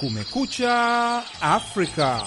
Kumekucha Afrika.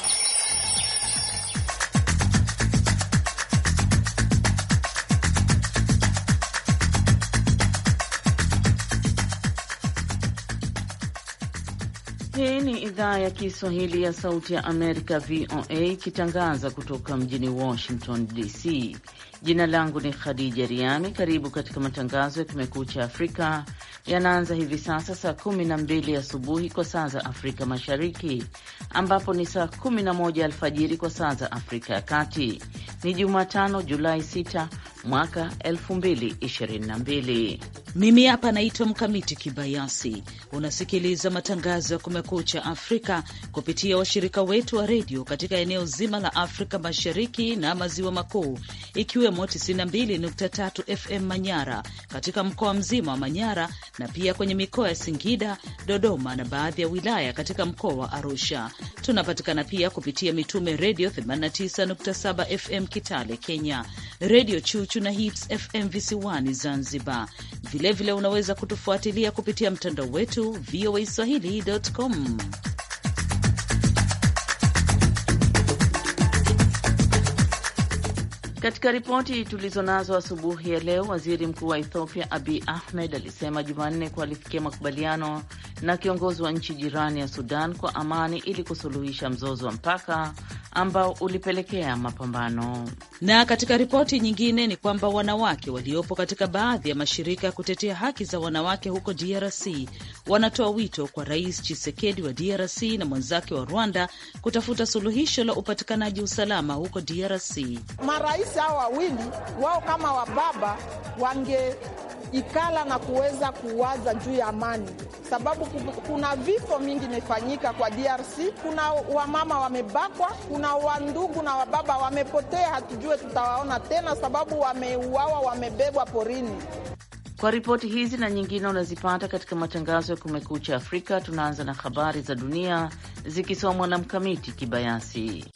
Hii ni idhaa ya Kiswahili ya Sauti ya Amerika, VOA, ikitangaza kutoka mjini Washington DC. Jina langu ni Khadija Riami. Karibu katika matangazo ya Kumekucha Afrika yanaanza hivi sasa saa kumi na mbili asubuhi kwa saa za Afrika Mashariki, ambapo ni saa kumi na moja alfajiri kwa saa za Afrika ya Kati. Ni Jumatano, Julai 6 mwaka 2022. Mimi hapa naitwa Mkamiti Kibayasi. Unasikiliza matangazo ya Kumekucha Afrika kupitia washirika wetu wa redio katika eneo zima la Afrika Mashariki na Maziwa Makuu, ikiwemo 92.3 FM Manyara katika mkoa mzima wa Manyara na pia kwenye mikoa ya Singida, Dodoma na baadhi ya wilaya katika mkoa wa Arusha. Tunapatikana pia kupitia Mitume Redio 89.7 FM Kitale, Kenya, Redio Chuchu yetu na Hits FM visiwani Zanzibar. Vilevile vile unaweza kutufuatilia kupitia mtandao wetu voa swahilicom Katika ripoti tulizo nazo asubuhi ya leo, waziri mkuu wa Ethiopia abi Ahmed alisema Jumanne kuwa alifikia makubaliano na kiongozi wa nchi jirani ya Sudan kwa amani ili kusuluhisha mzozo wa mpaka ambao ulipelekea mapambano. Na katika ripoti nyingine ni kwamba wanawake waliopo katika baadhi ya mashirika ya kutetea haki za wanawake huko DRC wanatoa wito kwa Rais chisekedi wa DRC na mwenzake wa Rwanda kutafuta suluhisho la upatikanaji usalama huko DRC. Marais hawa wawili wao kama wababa wangeikala na kuweza kuwaza juu ya amani, sababu kuna vifo mingi imefanyika kwa DRC. Kuna wamama wamebakwa, kuna wandugu na wababa wamepotea, hatujue tutawaona tena sababu wameuawa, wamebebwa porini. Kwa ripoti hizi na nyingine unazipata katika matangazo ya Kumekucha Afrika. Tunaanza na habari za dunia zikisomwa na Mkamiti Kibayasi.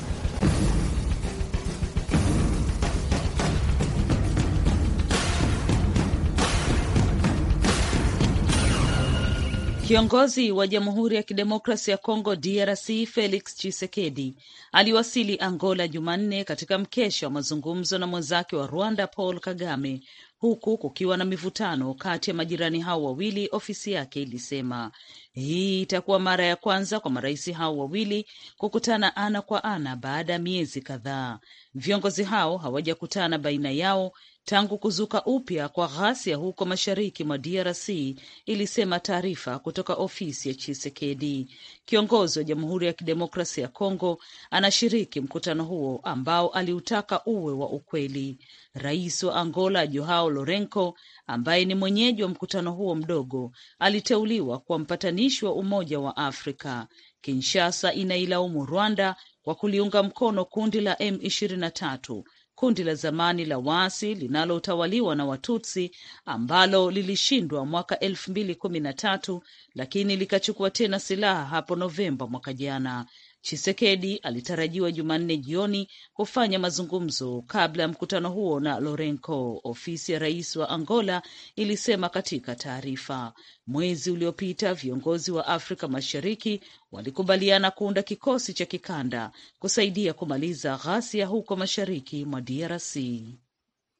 Kiongozi wa Jamhuri ya Kidemokrasi ya Kongo DRC Felix chisekedi aliwasili Angola Jumanne katika mkesha wa mazungumzo na mwenzake wa Rwanda Paul Kagame, huku kukiwa na mivutano kati ya majirani hao wawili, ofisi yake ilisema. Hii itakuwa mara ya kwanza kwa marais hao wawili kukutana ana kwa ana baada ya miezi kadhaa. Viongozi hao hawajakutana baina yao tangu kuzuka upya kwa ghasia huko mashariki mwa DRC, ilisema taarifa kutoka ofisi ya Chisekedi. Kiongozi wa Jamhuri ya Kidemokrasia ya Kongo anashiriki mkutano huo ambao aliutaka uwe wa ukweli. Rais wa Angola Joao Lourenco, ambaye ni mwenyeji wa mkutano huo mdogo, aliteuliwa kuwa mpatanishi wa Umoja wa Afrika. Kinshasa inailaumu Rwanda kwa kuliunga mkono kundi la M23 kundi la zamani la waasi linalotawaliwa na Watutsi ambalo lilishindwa mwaka elfu mbili kumi na tatu lakini likachukua tena silaha hapo Novemba mwaka jana, chisekedi alitarajiwa Jumanne jioni kufanya mazungumzo kabla ya mkutano huo na lorenco ofisi ya rais wa Angola ilisema katika taarifa. Mwezi uliopita viongozi wa Afrika Mashariki walikubaliana kuunda kikosi cha kikanda kusaidia kumaliza ghasia huko mashariki mwa DRC.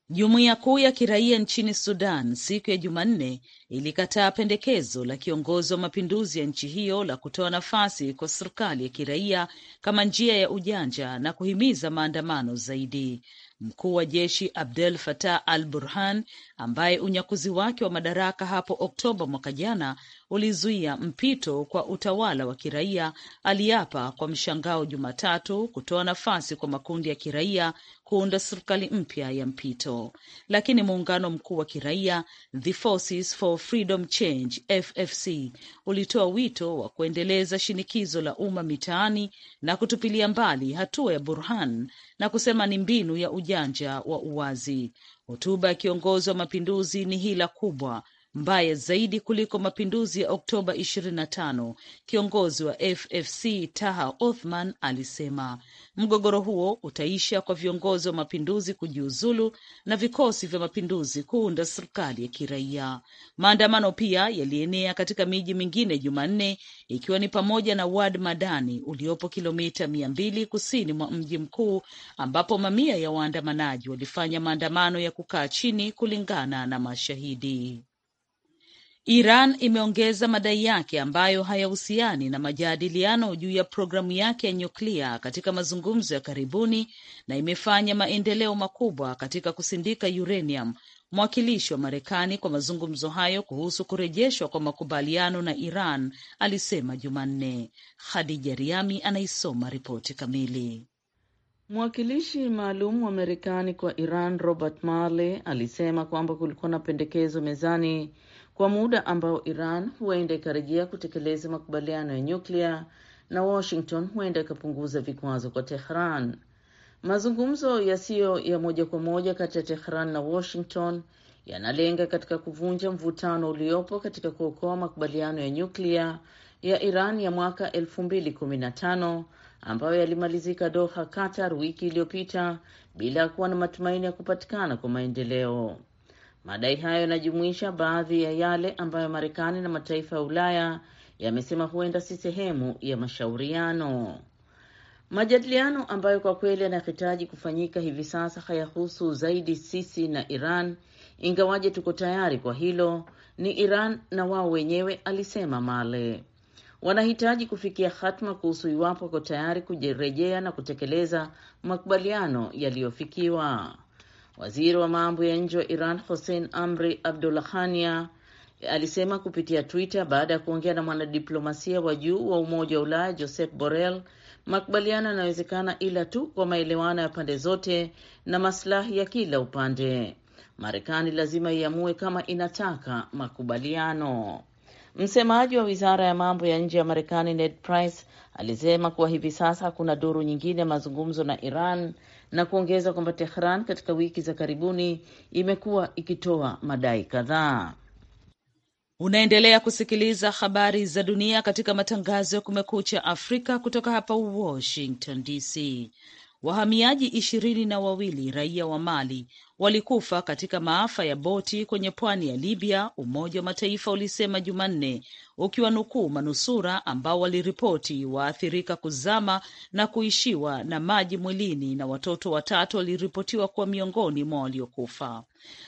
Jumuiya kuu ya kiraia nchini Sudan siku ya Jumanne ilikataa pendekezo la kiongozi wa mapinduzi ya nchi hiyo la kutoa nafasi kwa serikali ya kiraia kama njia ya ujanja na kuhimiza maandamano zaidi. Mkuu wa jeshi Abdel Fattah al Burhan, ambaye unyakuzi wake wa madaraka hapo Oktoba mwaka jana ulizuia mpito kwa utawala wa kiraia, aliapa kwa mshangao Jumatatu kutoa nafasi kwa makundi ya kiraia kuunda serikali mpya ya mpito, lakini muungano mkuu wa kiraia The Forces for Freedom Change FFC ulitoa wito wa kuendeleza shinikizo la umma mitaani na kutupilia mbali hatua ya Burhan na kusema ni mbinu ya ujanja wa uwazi. Hotuba ya kiongozi wa mapinduzi ni hila kubwa mbaya zaidi kuliko mapinduzi ya Oktoba 25, kiongozi wa FFC Taha Othman alisema mgogoro huo utaisha kwa viongozi wa mapinduzi kujiuzulu na vikosi vya mapinduzi kuunda serikali ya kiraia. Maandamano pia yalienea katika miji mingine Jumanne, ikiwa ni pamoja na Wad Madani uliopo kilomita mia mbili kusini mwa mji mkuu, ambapo mamia ya waandamanaji walifanya maandamano ya kukaa chini, kulingana na mashahidi. Iran imeongeza madai yake ambayo hayahusiani na majadiliano juu ya programu yake ya nyuklia katika mazungumzo ya karibuni na imefanya maendeleo makubwa katika kusindika uranium. Mwakilishi wa Marekani kwa mazungumzo hayo kuhusu kurejeshwa kwa makubaliano na Iran alisema Jumanne. Khadija Riami anaisoma ripoti kamili. Mwakilishi maalum wa Marekani kwa Iran Robert Malley alisema kwamba kulikuwa na pendekezo mezani kwa muda ambao Iran huenda ikarejea kutekeleza makubaliano ya nyuklia na Washington huenda ikapunguza vikwazo kwa Tehran. Mazungumzo yasiyo ya moja kwa moja kati ya Tehran na Washington yanalenga katika kuvunja mvutano uliopo katika kuokoa makubaliano ya nyuklia ya Iran ya mwaka 2015 ambayo yalimalizika Doha, Qatar wiki iliyopita bila ya kuwa na matumaini ya kupatikana kwa maendeleo. Madai hayo yanajumuisha baadhi ya yale ambayo Marekani na mataifa ya Ulaya yamesema huenda si sehemu ya mashauriano. Majadiliano ambayo kwa kweli yanahitaji kufanyika hivi sasa hayahusu zaidi sisi na Iran, ingawaje tuko tayari kwa hilo, ni Iran na wao wenyewe, alisema Male. Wanahitaji kufikia hatma kuhusu iwapo wako tayari kurejea na kutekeleza makubaliano yaliyofikiwa. Waziri wa mambo ya nje wa Iran Hossein Amri Abdulahania alisema kupitia Twitter baada ya kuongea na mwanadiplomasia wa juu wa Umoja wa Ulaya joseph Borrell, makubaliano yanawezekana ila tu kwa maelewano ya pande zote na maslahi ya kila upande. Marekani lazima iamue kama inataka makubaliano. Msemaji wa wizara ya mambo ya nje ya Marekani Ned Price alisema kuwa hivi sasa kuna duru nyingine ya mazungumzo na Iran na kuongeza kwamba Tehran katika wiki za karibuni imekuwa ikitoa madai kadhaa. Unaendelea kusikiliza habari za dunia katika matangazo ya Kumekucha Afrika kutoka hapa Washington DC. Wahamiaji ishirini na wawili raia wa Mali walikufa katika maafa ya boti kwenye pwani ya Libya, Umoja wa Mataifa ulisema Jumanne, ukiwanukuu manusura ambao waliripoti waathirika kuzama na kuishiwa na maji mwilini, na watoto watatu waliripotiwa kuwa miongoni mwa waliokufa.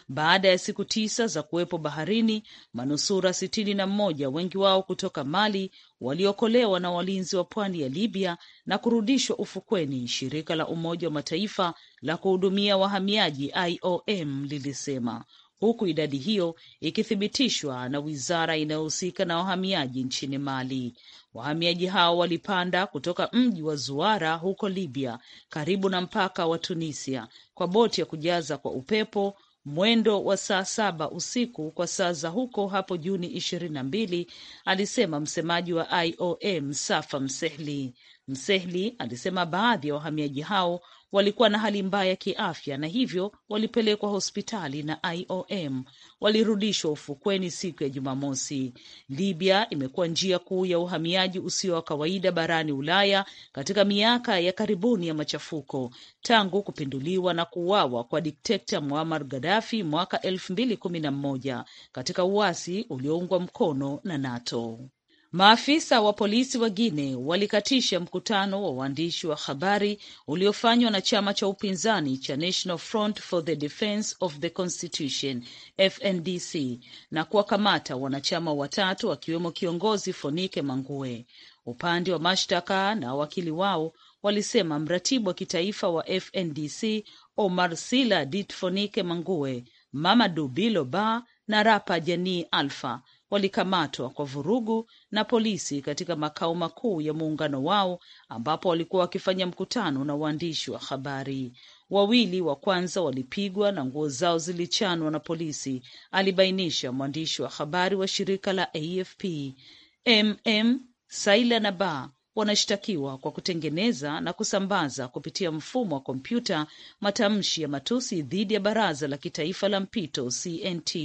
Baada ya siku tisa za kuwepo baharini, manusura sitini na mmoja, wengi wao kutoka Mali, waliokolewa na walinzi wa pwani ya Libya na kurudishwa ufukweni, shirika la Umoja wa Mataifa la kuhudumia wahamiaji IOM lilisema, huku idadi hiyo ikithibitishwa na wizara inayohusika na wahamiaji nchini Mali. Wahamiaji hao walipanda kutoka mji wa Zuara huko Libya, karibu na mpaka wa Tunisia, kwa boti ya kujaza kwa upepo mwendo wa saa saba usiku kwa saa za huko hapo Juni ishirini na mbili, alisema msemaji wa IOM Safa Msehli. Msehli alisema baadhi ya wahamiaji hao walikuwa na hali mbaya kiafya na hivyo walipelekwa hospitali na IOM walirudishwa ufukweni siku ya Jumamosi. Libya imekuwa njia kuu ya uhamiaji usio wa kawaida barani Ulaya katika miaka ya karibuni ya machafuko tangu kupinduliwa na kuuawa kwa dikteta Muammar Gaddafi mwaka elfu mbili kumi na mmoja katika uasi ulioungwa mkono na NATO. Maafisa wa polisi wa Guine walikatisha mkutano wa waandishi wa habari uliofanywa na chama cha upinzani cha National Front for the Defense of the Constitution FNDC na kuwakamata wanachama watatu akiwemo kiongozi Fonike Mangue. Upande wa mashtaka na wakili wao walisema mratibu wa kitaifa wa FNDC Omar Sila Dit Fonike Mangue, Mamadu Bilo Ba na rapa Jani Alfa walikamatwa kwa vurugu na polisi katika makao makuu ya muungano wao ambapo walikuwa wakifanya mkutano na waandishi wa habari. Wawili wa kwanza walipigwa na nguo zao zilichanwa na polisi, alibainisha mwandishi wa habari wa shirika la AFP mm Saila Ba wanashtakiwa kwa kutengeneza na kusambaza kupitia mfumo wa kompyuta matamshi ya matusi dhidi ya Baraza la Kitaifa la Mpito CNT,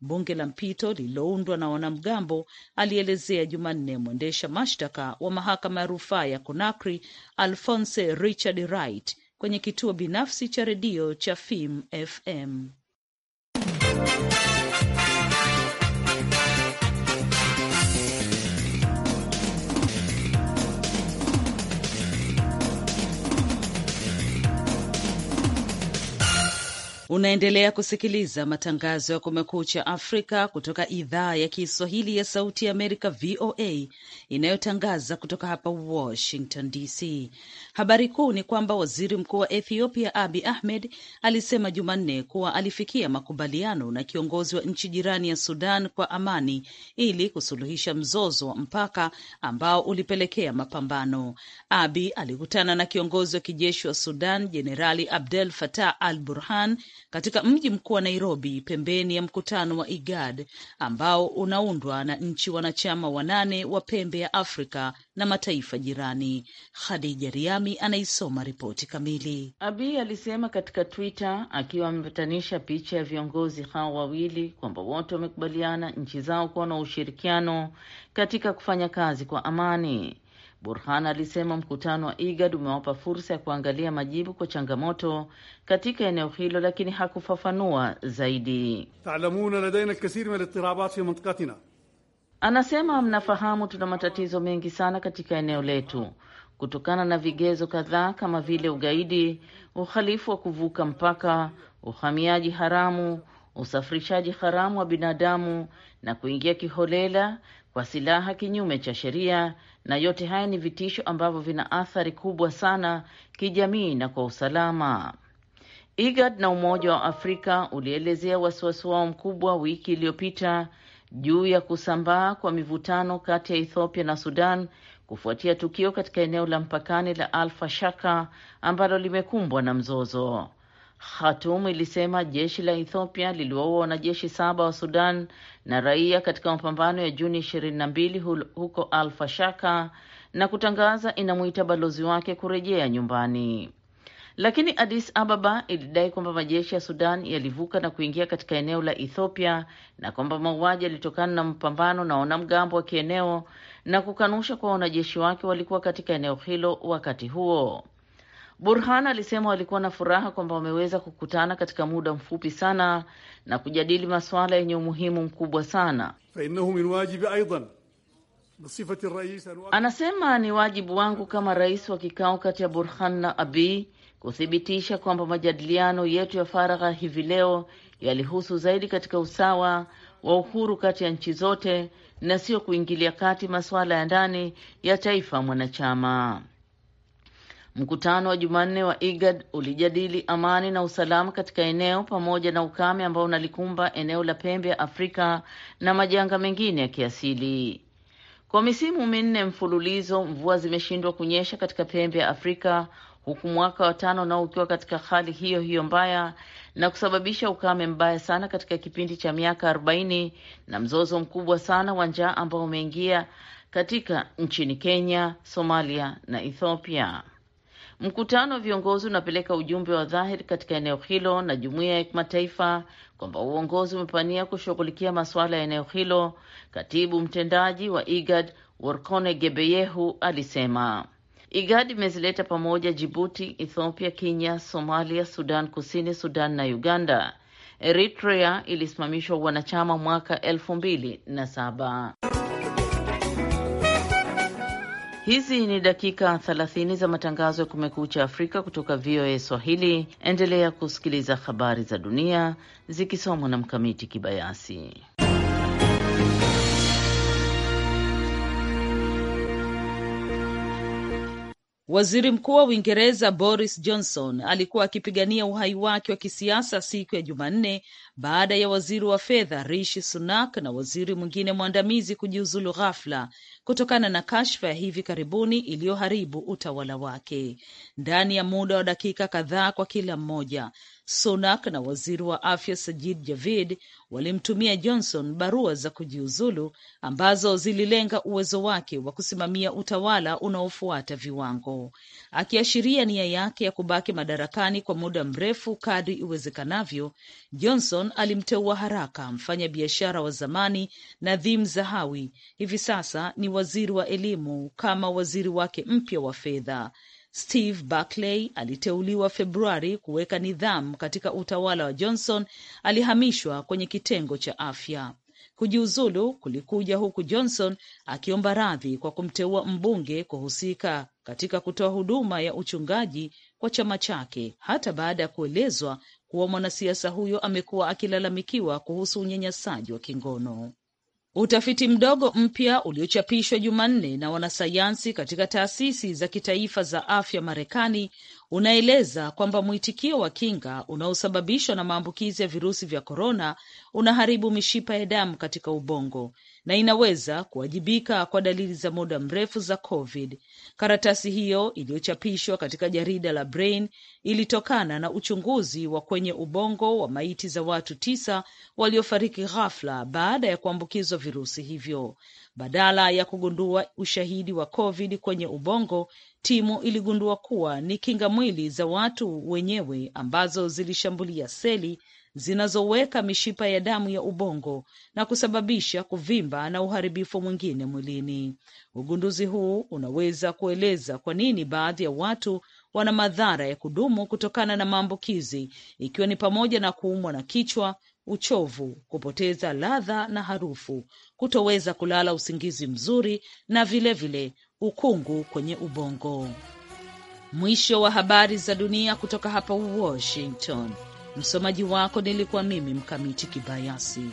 bunge la mpito lililoundwa na wanamgambo, alielezea Jumanne mwendesha mashtaka wa mahakama ya rufaa ya Conakry Alphonse Richard Wright kwenye kituo binafsi cha redio cha Fim FM. Unaendelea kusikiliza matangazo ya Kumekucha Afrika kutoka idhaa ya Kiswahili ya Sauti ya Amerika, VOA, inayotangaza kutoka hapa Washington DC. Habari kuu ni kwamba waziri mkuu wa Ethiopia Abi Ahmed alisema Jumanne kuwa alifikia makubaliano na kiongozi wa nchi jirani ya Sudan kwa amani ili kusuluhisha mzozo wa mpaka ambao ulipelekea mapambano. Abi alikutana na kiongozi wa kijeshi wa Sudan Jenerali Abdel Fattah al Burhan katika mji mkuu wa Nairobi, pembeni ya mkutano wa IGAD ambao unaundwa na nchi wanachama wanane wa pembe ya Afrika na mataifa jirani. Khadija Riami anaisoma ripoti kamili. abi alisema katika Twitter akiwa amepatanisha picha ya viongozi hao wawili kwamba wote wamekubaliana nchi zao kuwa na ushirikiano katika kufanya kazi kwa amani. Burhan alisema mkutano wa IGAD umewapa fursa ya kuangalia majibu kwa changamoto katika eneo hilo, lakini hakufafanua zaidi. talamuna ladaina alkathir min alitirabat fi mintikatina, anasema mnafahamu, tuna matatizo mengi sana katika eneo letu kutokana na vigezo kadhaa kama vile ugaidi, uhalifu wa kuvuka mpaka, uhamiaji haramu usafirishaji haramu wa binadamu na kuingia kiholela kwa silaha kinyume cha sheria, na yote haya ni vitisho ambavyo vina athari kubwa sana kijamii na kwa usalama. IGAD na Umoja wa Afrika ulielezea wasiwasi wao mkubwa wiki iliyopita juu ya kusambaa kwa mivutano kati ya Ethiopia na Sudan kufuatia tukio katika eneo la mpakani la Alfa Shaka ambalo limekumbwa na mzozo. Khartoum ilisema jeshi la Ethiopia liliwaua wanajeshi saba wa Sudan na raia katika mapambano ya Juni 22 huko Al Fashaka na kutangaza inamwita balozi wake kurejea nyumbani. Lakini Addis Ababa ilidai kwamba majeshi ya Sudan yalivuka na kuingia katika eneo la Ethiopia na kwamba mauaji yalitokana na mapambano na wanamgambo wa kieneo na kukanusha kuwa wanajeshi wake walikuwa katika eneo hilo wakati huo. Burhan alisema walikuwa na furaha kwamba wameweza kukutana katika muda mfupi sana na kujadili masuala yenye umuhimu mkubwa sana. Anasema ni wajibu wangu kama rais wa kikao kati ya Burhan na abi kuthibitisha kwamba majadiliano yetu ya faragha hivi leo yalihusu zaidi katika usawa wa uhuru kati ya nchi zote na sio kuingilia kati masuala ya ndani ya taifa mwanachama. Mkutano wa Jumanne wa IGAD ulijadili amani na usalama katika eneo pamoja na ukame ambao unalikumba eneo la pembe ya Afrika na majanga mengine ya kiasili. Kwa misimu minne mfululizo, mvua zimeshindwa kunyesha katika pembe ya Afrika huku mwaka wa tano nao ukiwa katika hali hiyo hiyo mbaya na kusababisha ukame mbaya sana katika kipindi cha miaka 40 na mzozo mkubwa sana wa njaa ambao umeingia katika nchini Kenya, Somalia na Ethiopia. Mkutano wa viongozi unapeleka ujumbe wa dhahiri katika eneo hilo na jumuiya ya kimataifa kwamba uongozi umepania kushughulikia masuala ya eneo hilo, katibu mtendaji wa IGAD Workone Gebeyehu alisema. IGAD imezileta pamoja Jibuti, Ethiopia, Kenya, Somalia, Sudan Kusini, Sudan na Uganda. Eritrea ilisimamishwa wanachama mwaka elfu mbili na saba. Hizi ni dakika 30 za matangazo ya Kumekucha Afrika kutoka VOA Swahili. Endelea kusikiliza habari za dunia zikisomwa na Mkamiti Kibayasi. Waziri Mkuu wa Uingereza Boris Johnson alikuwa akipigania uhai wake wa kisiasa siku ya Jumanne baada ya waziri wa fedha Rishi Sunak na waziri mwingine mwandamizi kujiuzulu ghafla kutokana na kashfa ya hivi karibuni iliyoharibu utawala wake. Ndani ya muda wa dakika kadhaa kwa kila mmoja, Sunak na waziri wa afya Sajid Javid walimtumia Johnson barua za kujiuzulu ambazo zililenga uwezo wake wa kusimamia utawala unaofuata viwango, akiashiria nia yake ya kubaki madarakani kwa muda mrefu kadri iwezekanavyo. Johnson alimteua haraka mfanya biashara wa zamani Nadhim Zahawi, hivi sasa ni waziri wa elimu, kama waziri wake mpya wa fedha. Steve Barclay aliteuliwa Februari kuweka nidhamu katika utawala wa Johnson alihamishwa kwenye kitengo cha afya. Kujiuzulu kulikuja huku Johnson akiomba radhi kwa kumteua mbunge kuhusika katika kutoa huduma ya uchungaji kwa chama chake hata baada ya kuelezwa kuwa mwanasiasa huyo amekuwa akilalamikiwa kuhusu unyanyasaji wa kingono. Utafiti mdogo mpya uliochapishwa Jumanne na wanasayansi katika taasisi za kitaifa za afya Marekani unaeleza kwamba mwitikio wa kinga unaosababishwa na maambukizi ya virusi vya korona unaharibu mishipa ya damu katika ubongo na inaweza kuwajibika kwa dalili za muda mrefu za COVID. Karatasi hiyo iliyochapishwa katika jarida la Brain ilitokana na uchunguzi wa kwenye ubongo wa maiti za watu tisa waliofariki ghafla baada ya kuambukizwa virusi hivyo. Badala ya kugundua ushahidi wa COVID kwenye ubongo, timu iligundua kuwa ni kinga mwili za watu wenyewe ambazo zilishambulia seli zinazoweka mishipa ya damu ya ubongo na kusababisha kuvimba na uharibifu mwingine mwilini. Ugunduzi huu unaweza kueleza kwa nini baadhi ya watu wana madhara ya kudumu kutokana na maambukizi, ikiwa ni pamoja na kuumwa na kichwa, uchovu, kupoteza ladha na harufu, kutoweza kulala usingizi mzuri na vilevile vile ukungu kwenye ubongo. Mwisho wa habari za dunia kutoka hapa Washington. Msomaji wako nilikuwa mimi Mkamiti Kibayasi.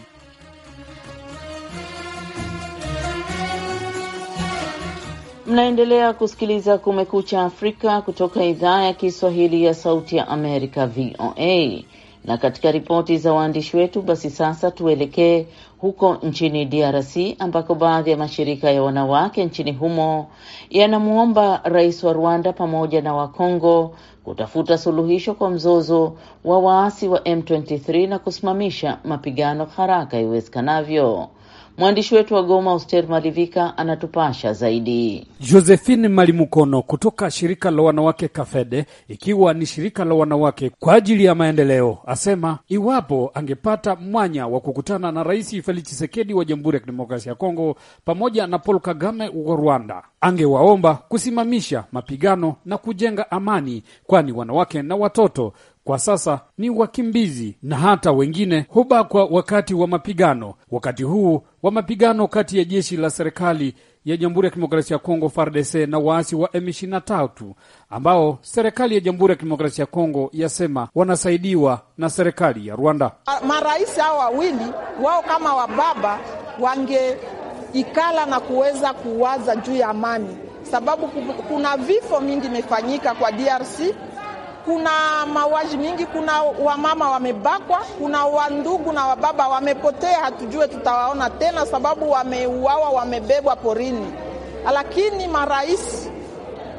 Mnaendelea kusikiliza Kumekucha Afrika kutoka idhaa ya Kiswahili ya Sauti ya Amerika, VOA. Na katika ripoti za waandishi wetu, basi sasa tuelekee huko nchini DRC ambako baadhi ya mashirika ya wanawake nchini humo yanamwomba rais wa Rwanda pamoja na Wakongo kutafuta suluhisho kwa mzozo wa waasi wa M23 na kusimamisha mapigano haraka iwezekanavyo. Mwandishi wetu wa Goma, Oster Malivika, anatupasha zaidi. Josephine Malimukono kutoka shirika la wanawake Kafede, ikiwa ni shirika la wanawake kwa ajili ya maendeleo, asema iwapo angepata mwanya wa kukutana na Rais Felix Tshisekedi wa Jamhuri ya Kidemokrasia ya Kongo pamoja na Paul Kagame wa Rwanda, angewaomba kusimamisha mapigano na kujenga amani, kwani wanawake na watoto kwa sasa ni wakimbizi na hata wengine hubakwa wakati wa mapigano. Wakati huu wa mapigano kati ya jeshi la serikali ya Jamhuri ya Kidemokrasia ya Kongo FARDC na waasi wa M23 ambao serikali ya Jamhuri ya Kidemokrasia ya Kongo yasema wanasaidiwa na serikali ya Rwanda. Marais hao wawili wao kama wababa wangeikala na kuweza kuwaza juu ya amani, sababu kuna vifo mingi imefanyika kwa DRC kuna mauaji mingi, kuna wamama wamebakwa, kuna wandugu na wababa wamepotea, hatujue tutawaona tena sababu wameuawa, wamebebwa porini. Lakini marais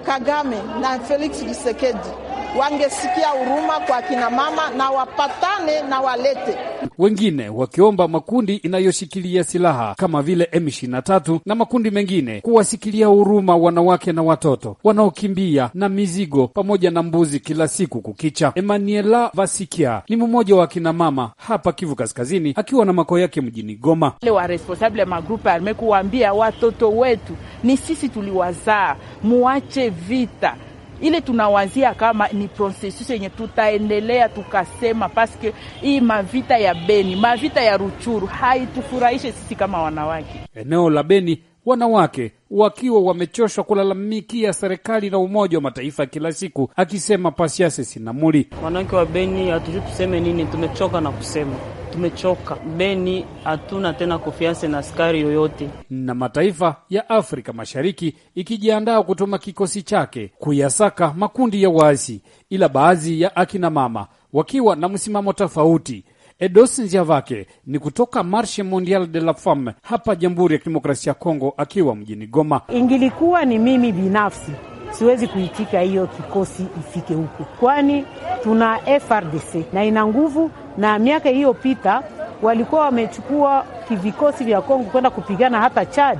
Kagame na Felix Tshisekedi wangesikia huruma kwa kina mama na wapatane na walete wengine, wakiomba makundi inayoshikilia silaha kama vile M23 na makundi mengine kuwasikilia huruma wanawake na watoto wanaokimbia na mizigo pamoja na mbuzi kila siku kukicha. Emmanuela Vasikia ni mmoja wa kina mama hapa Kivu Kaskazini, akiwa na makao yake mjini Goma. Wale wa responsable ya arme kuwaambia watoto wetu, ni sisi tuliwazaa, muache vita ile tunawazia kama ni prosesus yenye tutaendelea tukasema, paske hii mavita ya Beni, mavita ya Ruchuru haitufurahishe sisi kama wanawake. Eneo la Beni, wanawake wakiwa wamechoshwa kulalamikia serikali na Umoja wa Mataifa kila siku, akisema Pasiase Sinamuli, wanawake wa Beni hatujui tuseme nini, tumechoka na kusema tumechoka. Beni hatuna tena kofianse na askari yoyote. Na mataifa ya Afrika Mashariki ikijiandaa kutuma kikosi chake kuyasaka makundi ya waasi, ila baadhi ya akina mama wakiwa na msimamo tofauti. Edos Njavake ni kutoka Marche Mondial de la Femme hapa Jamhuri ya Kidemokrasia ya Kongo, akiwa mjini Goma. Ingilikuwa ni mimi binafsi siwezi kuitika hiyo kikosi ifike huko, kwani tuna FRDC na ina nguvu, na miaka iliyopita walikuwa wamechukua vikosi vya Kongo kwenda kupigana hata Chad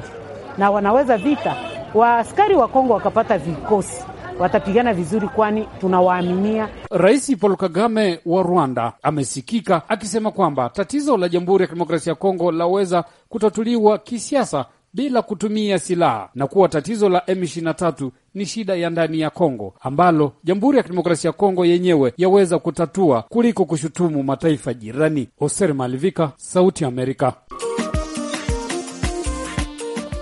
na wanaweza vita. Waaskari wa Kongo wakapata vikosi watapigana vizuri, kwani tunawaaminia. Rais Paul Kagame wa Rwanda amesikika akisema kwamba tatizo la Jamhuri ya Kidemokrasia ya Kongo laweza kutatuliwa kisiasa bila kutumia silaha na kuwa tatizo la M23 ni shida ya ndani ya Kongo ambalo Jamhuri ya Kidemokrasia ya Kongo yenyewe yaweza kutatua kuliko kushutumu mataifa jirani. Hoser Malivika, Sauti Amerika.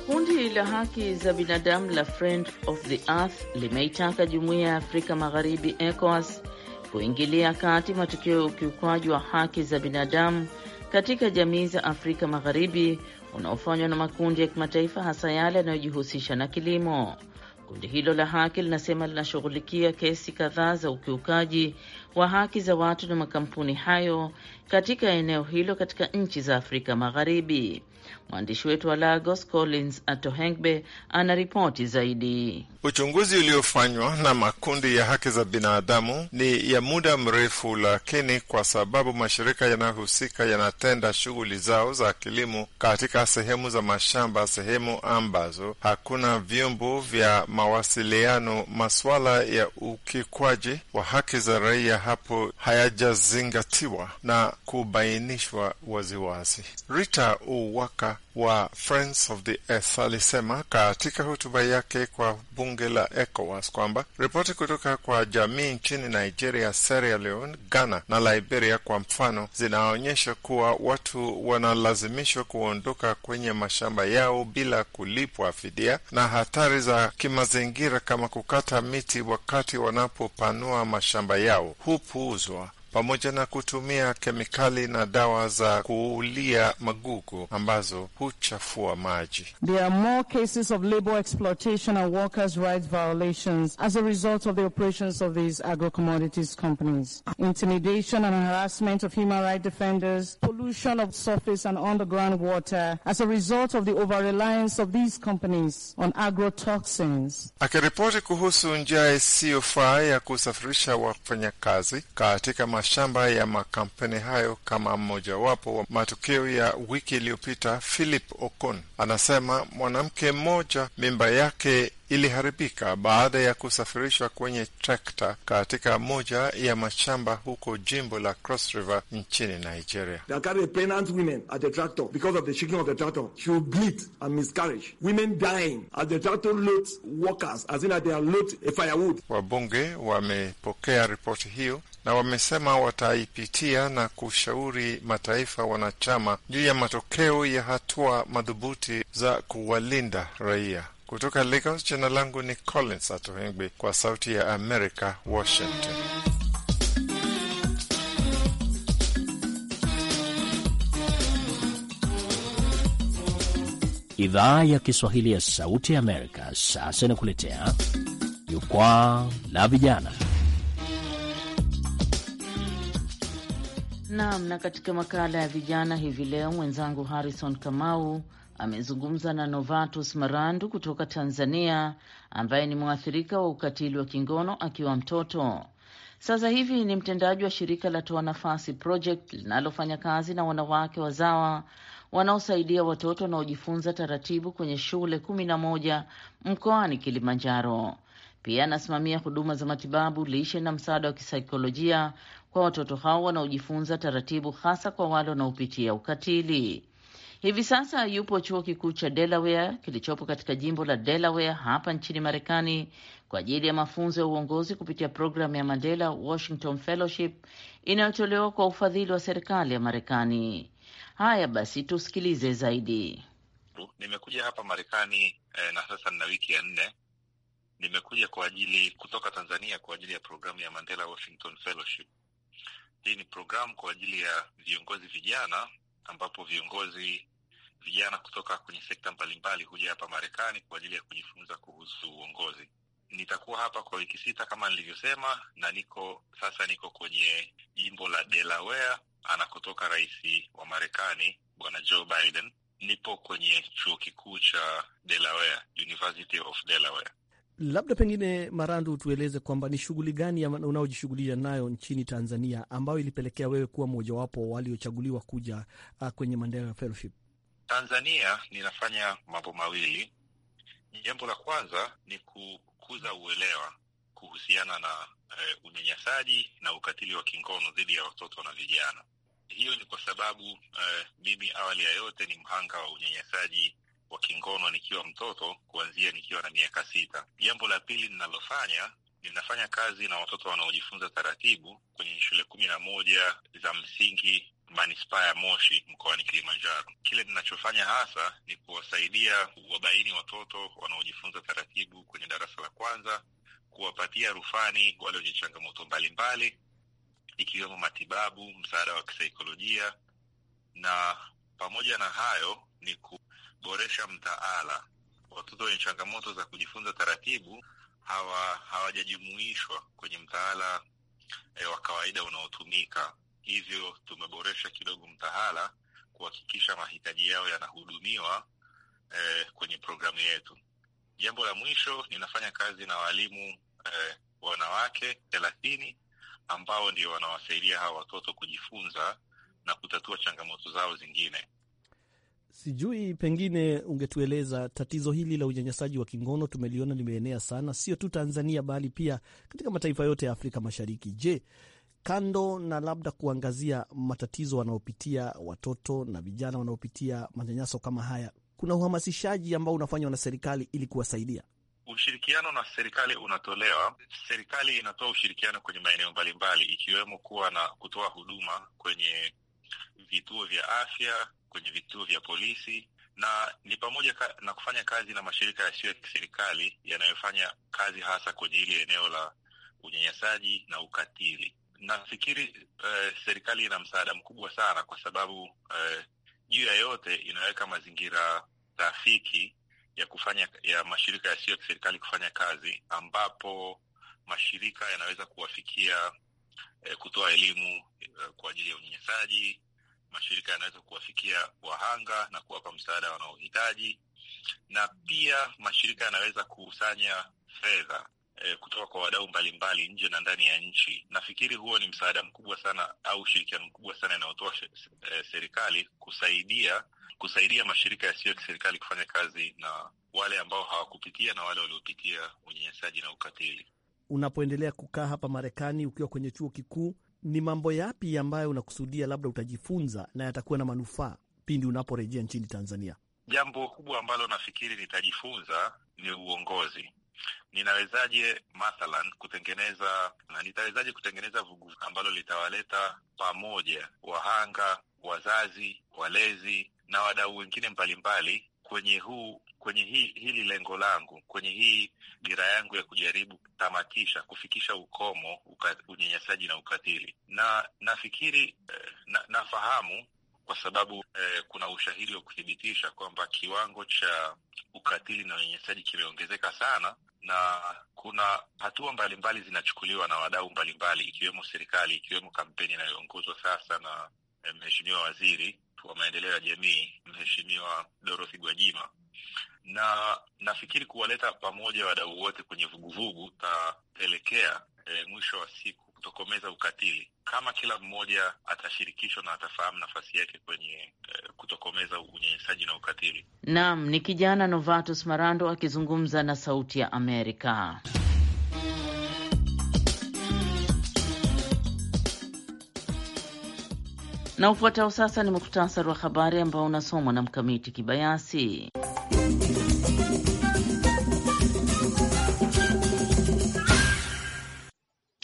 Kundi la haki za binadamu la Friend of the Earth limeitaka Jumuiya ya Afrika Magharibi ECOWAS kuingilia kati matukio ya ukiukwaji wa haki za binadamu katika jamii za Afrika Magharibi unaofanywa na makundi ya kimataifa hasa yale yanayojihusisha na kilimo. Kundi hilo la haki linasema linashughulikia kesi kadhaa za ukiukaji wa haki za watu na makampuni hayo katika eneo hilo katika nchi za Afrika Magharibi. Mwandishi wetu wa Lagos, Collins Atohengbe, anaripoti zaidi. Uchunguzi uliofanywa na makundi ya haki za binadamu ni ya muda mrefu, lakini kwa sababu mashirika yanayohusika yanatenda shughuli zao za kilimo katika sehemu za mashamba, sehemu ambazo hakuna vyombo vya mawasiliano, masuala ya ukiukwaji wa haki za raia hapo hayajazingatiwa na kubainishwa waziwazi. Rita Uwaka wa Friends of the Earth alisema katika hotuba yake kwa bunge la ECOWAS kwamba ripoti kutoka kwa jamii nchini Nigeria, Sierra Leone, Ghana na Liberia kwa mfano zinaonyesha kuwa watu wanalazimishwa kuondoka kwenye mashamba yao bila kulipwa fidia na hatari za kimazingira kama kukata miti wakati wanapopanua mashamba yao hupuuzwa pamoja na kutumia kemikali na dawa za kuulia magugu ambazo huchafua maji. There are more cases of labor exploitation and workers' rights violations as a result of the operations of these agro companies. Intimidation and harassment of human rights defenders, pollution of surface and underground water as a result of the overreliance of these companies on agrotoxins. Akiripoti kuhusu njia isiyofaa ya kusafirisha wafanyakazi katika mashamba ya makampeni hayo kama mmojawapo wa matukio ya wiki iliyopita. Philip Ocon anasema mwanamke mmoja mimba yake iliharibika baada ya kusafirishwa kwenye trekta katika moja ya mashamba huko jimbo la Cross River nchini Nigeria. Wabunge wamepokea ripoti hiyo na wamesema wataipitia na kushauri mataifa wanachama juu ya matokeo ya hatua madhubuti za kuwalinda raia. Kutoka Lagos, jina langu ni Collins Atohengwi kwa Sauti ya Amerika, Washington. Idhaa ya Kiswahili ya Sauti ya Amerika sasa inakuletea Jukwaa la Vijana. Naam, na katika makala ya vijana hivi leo mwenzangu Harrison Kamau amezungumza na Novatus Marandu kutoka Tanzania ambaye ni mwathirika wa ukatili wa kingono akiwa mtoto. Sasa hivi ni mtendaji wa shirika la Toa Nafasi Project linalofanya kazi na wanawake wazawa wanaosaidia watoto wanaojifunza taratibu kwenye shule kumi na moja mkoani Kilimanjaro. Pia anasimamia huduma za matibabu, lishe na msaada wa kisaikolojia kwa watoto hao wanaojifunza taratibu, hasa kwa wale wanaopitia ukatili. Hivi sasa yupo chuo kikuu cha Delaware kilichopo katika jimbo la Delaware hapa nchini Marekani kwa ajili ya mafunzo ya uongozi kupitia programu ya Mandela Washington Fellowship inayotolewa kwa ufadhili wa serikali ya Marekani. Haya basi, tusikilize zaidi. Nimekuja hapa Marekani eh, na sasa nina wiki ya nne. Nimekuja kwa ajili kutoka Tanzania kwa ajili ya programu ya Mandela Washington Fellowship hii ni programu kwa ajili ya viongozi vijana, ambapo viongozi vijana kutoka kwenye sekta mbalimbali huja hapa Marekani kwa ajili ya kujifunza kuhusu uongozi. Nitakuwa hapa kwa wiki sita kama nilivyosema, na niko sasa, niko kwenye jimbo la Delaware anakotoka rais wa Marekani Bwana Joe Biden. Nipo kwenye chuo kikuu cha Delaware, University of Delaware. Labda pengine Marandu, tueleze kwamba ni shughuli gani unaojishughulia nayo nchini Tanzania ambayo ilipelekea wewe kuwa mmojawapo waliochaguliwa kuja uh, kwenye Mandela Fellowship? Tanzania ninafanya mambo mawili. Jambo la kwanza ni kukuza uelewa kuhusiana na e, unyanyasaji na ukatili wa kingono dhidi ya watoto na vijana. Hiyo ni kwa sababu e, mimi awali ya yote ni mhanga wa unyanyasaji wa kingono nikiwa mtoto kuanzia nikiwa na miaka sita. Jambo la pili ninalofanya ninafanya kazi na watoto wanaojifunza taratibu kwenye shule kumi na moja za msingi manispaa ya Moshi mkoani Kilimanjaro. Kile ninachofanya hasa ni kuwasaidia wabaini watoto wanaojifunza taratibu kwenye darasa la kwanza, kuwapatia rufani wale wenye changamoto mbalimbali, ikiwemo matibabu, msaada wa kisaikolojia, na pamoja na hayo ni ku kuboresha mtaala. Watoto wenye changamoto za kujifunza taratibu hawa hawajajumuishwa kwenye mtaala e, wa kawaida unaotumika, hivyo tumeboresha kidogo mtaala kuhakikisha mahitaji yao yanahudumiwa e, kwenye programu yetu. Jambo la mwisho, ninafanya kazi na walimu e, wanawake thelathini ambao ndio wanawasaidia hawa watoto kujifunza na kutatua changamoto zao zingine. Sijui pengine ungetueleza tatizo hili la unyanyasaji wa kingono tumeliona limeenea sana, sio tu Tanzania bali pia katika mataifa yote ya Afrika Mashariki. Je, kando na labda kuangazia matatizo wanaopitia watoto na vijana wanaopitia manyanyaso kama haya, kuna uhamasishaji ambao unafanywa na serikali ili kuwasaidia? Ushirikiano na serikali unatolewa. Serikali inatoa ushirikiano kwenye maeneo mbalimbali, ikiwemo kuwa na kutoa huduma kwenye vituo vya afya kwenye vituo vya polisi na ni pamoja na kufanya kazi na mashirika yasiyo ya kiserikali yanayofanya kazi hasa kwenye hili eneo la unyanyasaji na ukatili. Nafikiri eh, serikali ina msaada mkubwa sana kwa sababu eh, juu ya yote inaweka mazingira rafiki ya kufanya ya mashirika yasiyo ya kiserikali kufanya kazi, ambapo mashirika yanaweza kuwafikia eh, kutoa elimu eh, kwa ajili ya unyanyasaji mashirika yanaweza kuwafikia wahanga na kuwapa msaada wanaohitaji, na pia mashirika yanaweza kukusanya fedha e, kutoka kwa wadau mbalimbali nje na ndani ya nchi. Nafikiri huo ni msaada mkubwa sana au ushirikiano mkubwa sana inayotoa e, eh, serikali kusaidia kusaidia mashirika yasiyo ya kiserikali kufanya kazi na wale ambao hawakupitia na wale waliopitia unyanyasaji na ukatili. Unapoendelea kukaa hapa Marekani ukiwa kwenye chuo kikuu ni mambo yapi ambayo unakusudia labda utajifunza na yatakuwa na manufaa pindi unaporejea nchini Tanzania? Jambo kubwa ambalo nafikiri nitajifunza ni uongozi. Ninawezaje mathalan kutengeneza, nitawezaje kutengeneza vugu ambalo litawaleta pamoja wahanga, wazazi, walezi na wadau wengine mbalimbali kwenye huu kwenye hii hili lengo langu, kwenye hii dira yangu ya kujaribu kutamatisha, kufikisha ukomo unyanyasaji na ukatili, na nafikiri eh, na, nafahamu kwa sababu eh, kuna ushahidi wa kuthibitisha kwamba kiwango cha ukatili na unyanyasaji kimeongezeka sana, na kuna hatua mbalimbali zinachukuliwa na wadau mbalimbali, ikiwemo serikali, ikiwemo kampeni inayoongozwa sasa na eh, Mheshimiwa Waziri wa Maendeleo ya Jamii, Mheshimiwa Dorothy Gwajima na nafikiri kuwaleta pamoja wadau wote kwenye vuguvugu tutaelekea e, eh, mwisho wa siku kutokomeza ukatili kama kila mmoja atashirikishwa na atafahamu nafasi yake kwenye e, kutokomeza unyanyasaji na ukatili. Naam, ni kijana Novatus Marando akizungumza na Sauti ya Amerika. Na ufuatao sasa ni muktasari wa habari ambao unasomwa na Mkamiti Kibayasi.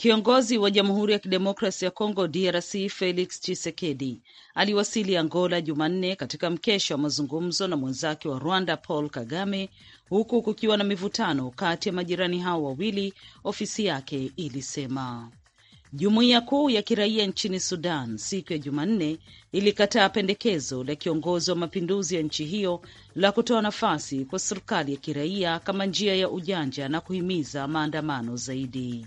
Kiongozi wa Jamhuri ya Kidemokrasi ya Kongo DRC Felix chisekedi aliwasili Angola Jumanne katika mkesha wa mazungumzo na mwenzake wa Rwanda Paul Kagame, huku kukiwa na mivutano kati ya majirani hao wawili, ofisi yake ilisema. Jumuiya kuu ya kiraia nchini Sudan siku ya Jumanne ilikataa pendekezo la kiongozi wa mapinduzi ya nchi hiyo la kutoa nafasi kwa serikali ya kiraia kama njia ya ujanja na kuhimiza maandamano zaidi.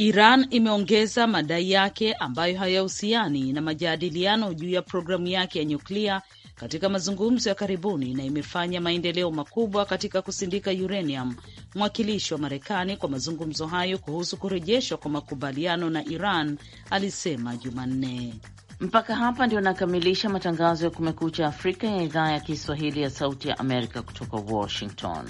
Iran imeongeza madai yake ambayo hayahusiani na majadiliano juu ya programu yake ya nyuklia katika mazungumzo ya karibuni na imefanya maendeleo makubwa katika kusindika uranium. Mwakilishi wa Marekani kwa mazungumzo hayo kuhusu kurejeshwa kwa makubaliano na Iran alisema Jumanne. Mpaka hapa ndio nakamilisha matangazo ya Kumekucha Afrika ya idhaa ya Kiswahili ya Sauti ya Amerika kutoka Washington.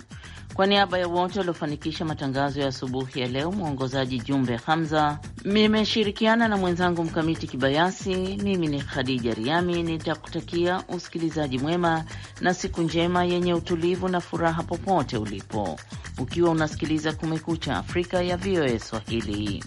Kwa niaba ya wote waliofanikisha matangazo ya asubuhi ya leo, mwongozaji Jumbe Hamza, nimeshirikiana na mwenzangu Mkamiti Kibayasi. Mimi ni Khadija Riami, nitakutakia usikilizaji mwema na siku njema yenye utulivu na furaha popote ulipo, ukiwa unasikiliza Kumekucha Afrika ya VOA Swahili.